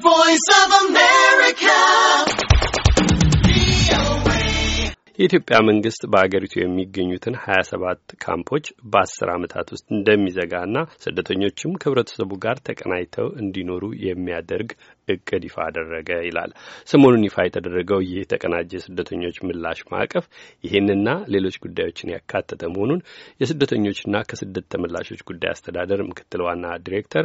voice of የኢትዮጵያ መንግስት በአገሪቱ የሚገኙትን ሀያ ሰባት ካምፖች በአስር ዓመታት ውስጥ እንደሚዘጋና ስደተኞችም ከህብረተሰቡ ጋር ተቀናይተው እንዲኖሩ የሚያደርግ እቅድ ይፋ አደረገ ይላል። ሰሞኑን ይፋ የተደረገው ይህ የተቀናጀ ስደተኞች ምላሽ ማዕቀፍ ይህንና ሌሎች ጉዳዮችን ያካተተ መሆኑን የስደተኞችና ከስደት ተመላሾች ጉዳይ አስተዳደር ምክትል ዋና ዲሬክተር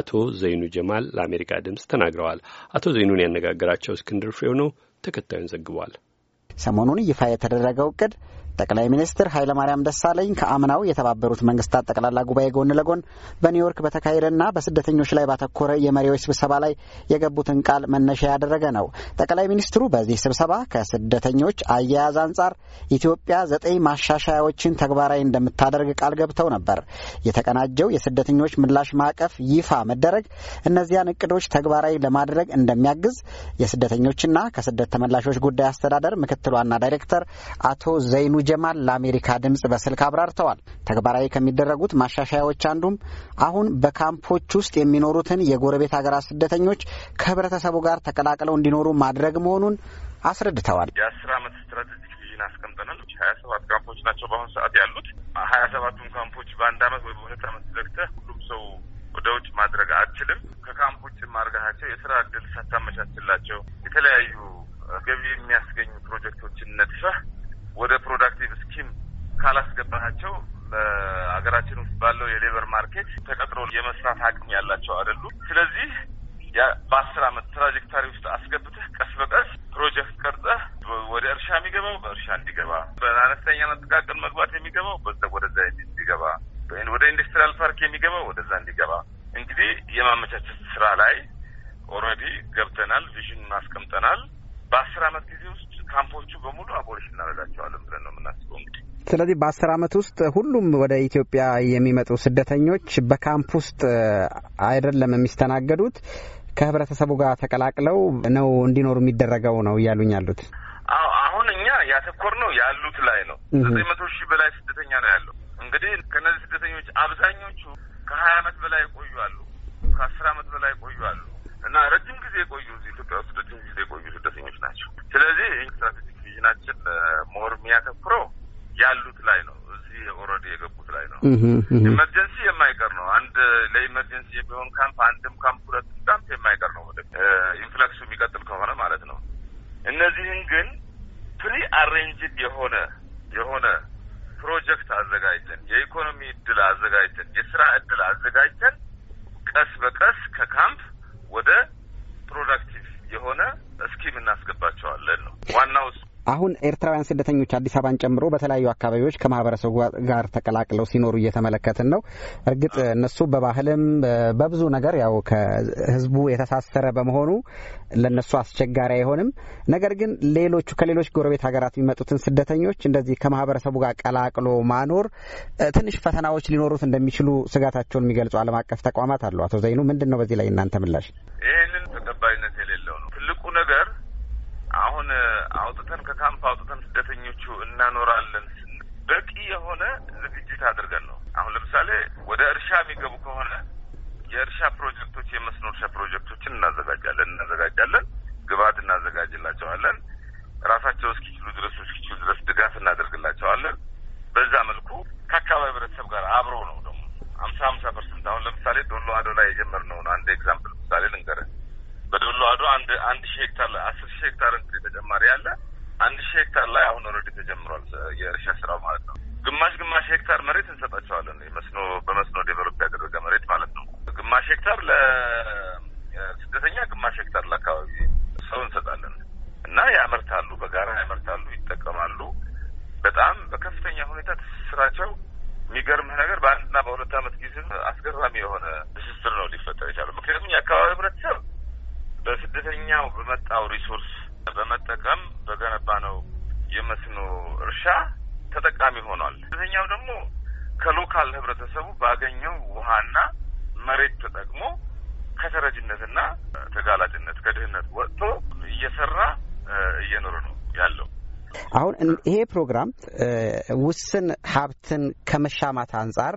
አቶ ዘይኑ ጀማል ለአሜሪካ ድምፅ ተናግረዋል። አቶ ዘይኑን ያነጋገራቸው እስክንድር ፍሬው ነው። ተከታዩን ዘግቧል። ሰሞኑን ይፋ የተደረገው እቅድ ጠቅላይ ሚኒስትር ኃይለማርያም ደሳለኝ ከአምናው የተባበሩት መንግስታት ጠቅላላ ጉባኤ ጎን ለጎን በኒውዮርክ በተካሄደና በስደተኞች ላይ ባተኮረ የመሪዎች ስብሰባ ላይ የገቡትን ቃል መነሻ ያደረገ ነው። ጠቅላይ ሚኒስትሩ በዚህ ስብሰባ ከስደተኞች አያያዝ አንጻር ኢትዮጵያ ዘጠኝ ማሻሻያዎችን ተግባራዊ እንደምታደርግ ቃል ገብተው ነበር። የተቀናጀው የስደተኞች ምላሽ ማዕቀፍ ይፋ መደረግ እነዚያን እቅዶች ተግባራዊ ለማድረግ እንደሚያግዝ የስደተኞችና ከስደት ተመላሾች ጉዳይ አስተዳደር ምክትል ዋና ዳይሬክተር አቶ ዘይኑ ጀማል ለአሜሪካ ድምፅ በስልክ አብራርተዋል። ተግባራዊ ከሚደረጉት ማሻሻያዎች አንዱም አሁን በካምፖች ውስጥ የሚኖሩትን የጎረቤት ሀገራት ስደተኞች ከህብረተሰቡ ጋር ተቀላቅለው እንዲኖሩ ማድረግ መሆኑን አስረድተዋል። የአስር አመት ስትራቴጂክ ቪዥን አስቀምጠናል። ሀያ ሰባት ካምፖች ናቸው በአሁኑ ሰዓት ያሉት። ሀያ ሰባቱን ካምፖች በአንድ አመት ወይ በሁለት አመት ዘግተህ ሁሉም ሰው ወደ ውጭ ማድረግ አችልም ከካምፖች ውጭ ማድረጋቸው የስራ እድል ሳታመቻችላቸው የተለያዩ ገቢ የሚያስገኙ ፕሮጀክቶችን ነድፈህ ወደ ፕሮዳክቲቭ ስኪም ካላስገባቸው በሀገራችን ውስጥ ባለው የሌበር ማርኬት ተቀጥሮ የመስራት አቅም ያላቸው አይደሉም። ስለዚህ በአስር አመት ትራጀክታሪ ውስጥ አስገብተህ ቀስ በቀስ ፕሮጀክት ቀርጸህ ወደ እርሻ የሚገባው በእርሻ እንዲገባ፣ በአነስተኛና ጥቃቅን መግባት የሚገባው በዛ ወደዛ እንዲገባ፣ ወደ ኢንዱስትሪያል ፓርክ የሚገባው ወደዛ እንዲገባ እንግዲህ የማመቻቸት ስራ ላይ ኦልሬዲ ገብተናል። ቪዥን ማስቀምጠናል። በአስር አመት ጊዜ ውስጥ ካምፖቹ በሙሉ አቦሊሽ እናደርጋቸዋለን ብለን ነው የምናስበው። እንግዲህ ስለዚህ በአስር አመት ውስጥ ሁሉም ወደ ኢትዮጵያ የሚመጡ ስደተኞች በካምፕ ውስጥ አይደለም የሚስተናገዱት ከህብረተሰቡ ጋር ተቀላቅለው ነው እንዲኖሩ የሚደረገው ነው እያሉኝ ያሉት። አዎ አሁን እኛ ያተኮር ነው ያሉት ላይ ነው። ዘጠኝ መቶ ሺህ በላይ ስደተኛ ነው ያለው። እንግዲህ ከእነዚህ ስደተኞች አብዛኞቹ ከሀያ አመት በላይ ቆዩ አሉ፣ ከአስር አመት በላይ ቆዩ አሉ። እና ረጅም ጊዜ የቆዩ እዚህ ኢትዮጵያ ውስጥ ረጅም ጊዜ የቆዩ ስደተኞች ናቸው። ስለዚህ ስትራቴጂክ ቪዥናችን ሞር የሚያተኩረው ያሉት ላይ ነው። እዚህ ኦልሬዲ የገቡት ላይ ነው። ኢመርጀንሲ የማይቀር ነው። አንድ ለኢመርጀንሲ የሚሆን ካምፕ አንድም ካምፕ ሁለትም ካምፕ የማይቀር ነው። ወደ ኢንፍላክሱ የሚቀጥል ከሆነ ማለት ነው። እነዚህን ግን ፕሪ አሬንጅድ የሆነ የሆነ ፕሮጀክት አዘጋጅተን የኢኮኖሚ እድል አዘጋጅተን የስራ እድል አዘጋጅተን ቀስ በቀስ ከካምፕ ወደ ፕሮዳክቲቭ የሆነ እስኪም እናስገባቸዋለን ነው ዋናው እሱ አሁን ኤርትራውያን ስደተኞች አዲስ አበባን ጨምሮ በተለያዩ አካባቢዎች ከማህበረሰቡ ጋር ተቀላቅለው ሲኖሩ እየተመለከትን ነው። እርግጥ እነሱ በባህልም በብዙ ነገር ያው ከህዝቡ የተሳሰረ በመሆኑ ለነሱ አስቸጋሪ አይሆንም። ነገር ግን ሌሎቹ ከሌሎች ጎረቤት ሀገራት የሚመጡትን ስደተኞች እንደዚህ ከማህበረሰቡ ጋር ቀላቅሎ ማኖር ትንሽ ፈተናዎች ሊኖሩት እንደሚችሉ ስጋታቸውን የሚገልጹ ዓለም አቀፍ ተቋማት አሉ። አቶ ዘይኑ ምንድን ነው በዚህ ላይ እናንተ ምላሽ? ይህንን ተቀባይነት የሌለው ነው ትልቁ ነገር አሁን አውጥተን ከካምፕ አውጥተን ስደተኞቹ እናኖራለን በቂ የሆነ ዝግጅት አድርገን ነው። አሁን ለምሳሌ ወደ እርሻ የሚገቡ ከሆነ የእርሻ ፕሮጀክቶች፣ የመስኖ እርሻ ፕሮጀክቶችን እናዘጋጃለን እናዘጋጃለን ግብዓት እናዘጋጅላቸዋለን ራሳቸው እስኪችሉ ድረስ ተጨማሪ አለ። አንድ ሺህ ሄክታር ላይ አሁን ኦልሬዲ ተጀምሯል የእርሻ ስራው ማለት ነው። ግማሽ ግማሽ ሄክታር መሬት እንሰጣቸዋለን። መስኖ በመስኖ ዴቨሎፕ ያደረገ መሬት ማለት ነው። ግማሽ ሄክታር ለስደተኛ፣ ግማሽ ሄክታር ለአካባቢ ሰው እንሰጣለን እና ያመርታሉ፣ በጋራ ያመርታሉ፣ ይጠቀማሉ። በጣም በከፍተኛ ሁኔታ ትስስራቸው የሚገርምህ ነገር በአንድና በሁለት ዓመት ጊዜ አስገራሚ የሆነ ትስስር ነው ሊፈጠር የቻለው። ምክንያቱም የአካባቢ ህብረተሰብ በስደተኛው በመጣው ሪሶርስ በመጠቀም በገነባ ነው የመስኖ እርሻ ተጠቃሚ ሆኗል። ሁለተኛው ደግሞ ከሎካል ህብረተሰቡ ባገኘው ውሃና መሬት ተጠቅሞ ከተረጅነትና ተጋላጭነት ከድህነት ወጥቶ እየሰራ እየኖረ ነው ያለው። አሁን ይሄ ፕሮግራም ውስን ሀብትን ከመሻማት አንጻር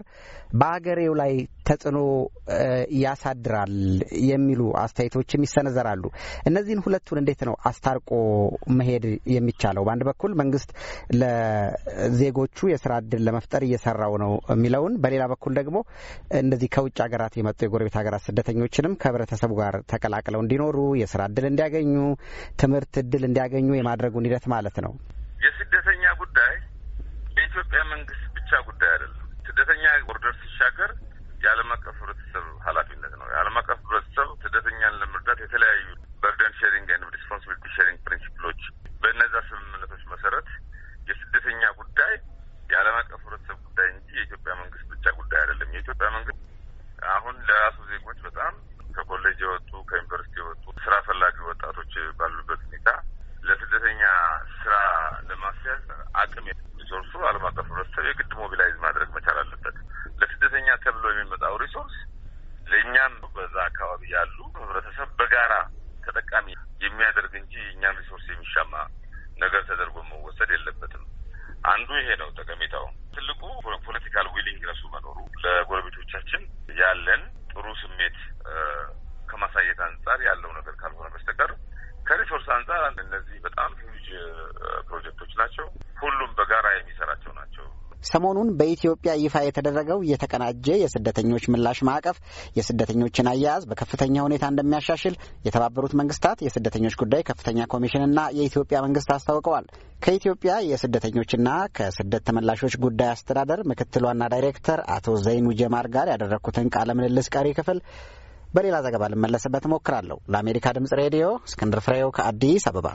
በአገሬው ላይ ተጽዕኖ ያሳድራል የሚሉ አስተያየቶችም ይሰነዘራሉ። እነዚህን ሁለቱን እንዴት ነው አስታርቆ መሄድ የሚቻለው? በአንድ በኩል መንግስት ለዜጎቹ የስራ እድል ለመፍጠር እየሰራው ነው የሚለውን፣ በሌላ በኩል ደግሞ እነዚህ ከውጭ ሀገራት የመጡ የጎረቤት ሀገራት ስደተኞችንም ከህብረተሰቡ ጋር ተቀላቅለው እንዲኖሩ የስራ እድል እንዲያገኙ፣ ትምህርት እድል እንዲያገኙ የማድረጉን ሂደት ማለት ነው። የስደተኛ ጉዳይ የኢትዮጵያ መንግስት ብቻ ጉዳይ አይደለም። ስደተኛ ቦርደር ሲሻገር የዓለም አቀፍ ህብረተሰብ ኃላፊነት ነው። የዓለም አቀፍ ህብረተሰብ ስደተኛን ለመርዳት የተለያዩ በርደን ሼሪንግ ተጠቃሚ የሚያደርግ ሰሞኑን በኢትዮጵያ ይፋ የተደረገው የተቀናጀ የስደተኞች ምላሽ ማዕቀፍ የስደተኞችን አያያዝ በከፍተኛ ሁኔታ እንደሚያሻሽል የተባበሩት መንግስታት የስደተኞች ጉዳይ ከፍተኛ ኮሚሽንና የኢትዮጵያ መንግስት አስታውቀዋል። ከኢትዮጵያ የስደተኞችና ከስደት ተመላሾች ጉዳይ አስተዳደር ምክትል ዋና ዳይሬክተር አቶ ዘይኑ ጀማር ጋር ያደረግኩትን ቃለ ምልልስ ቀሪ ክፍል በሌላ ዘገባ ልመለስበት እሞክራለሁ። ለአሜሪካ ድምጽ ሬዲዮ እስክንድር ፍሬው ከአዲስ አበባ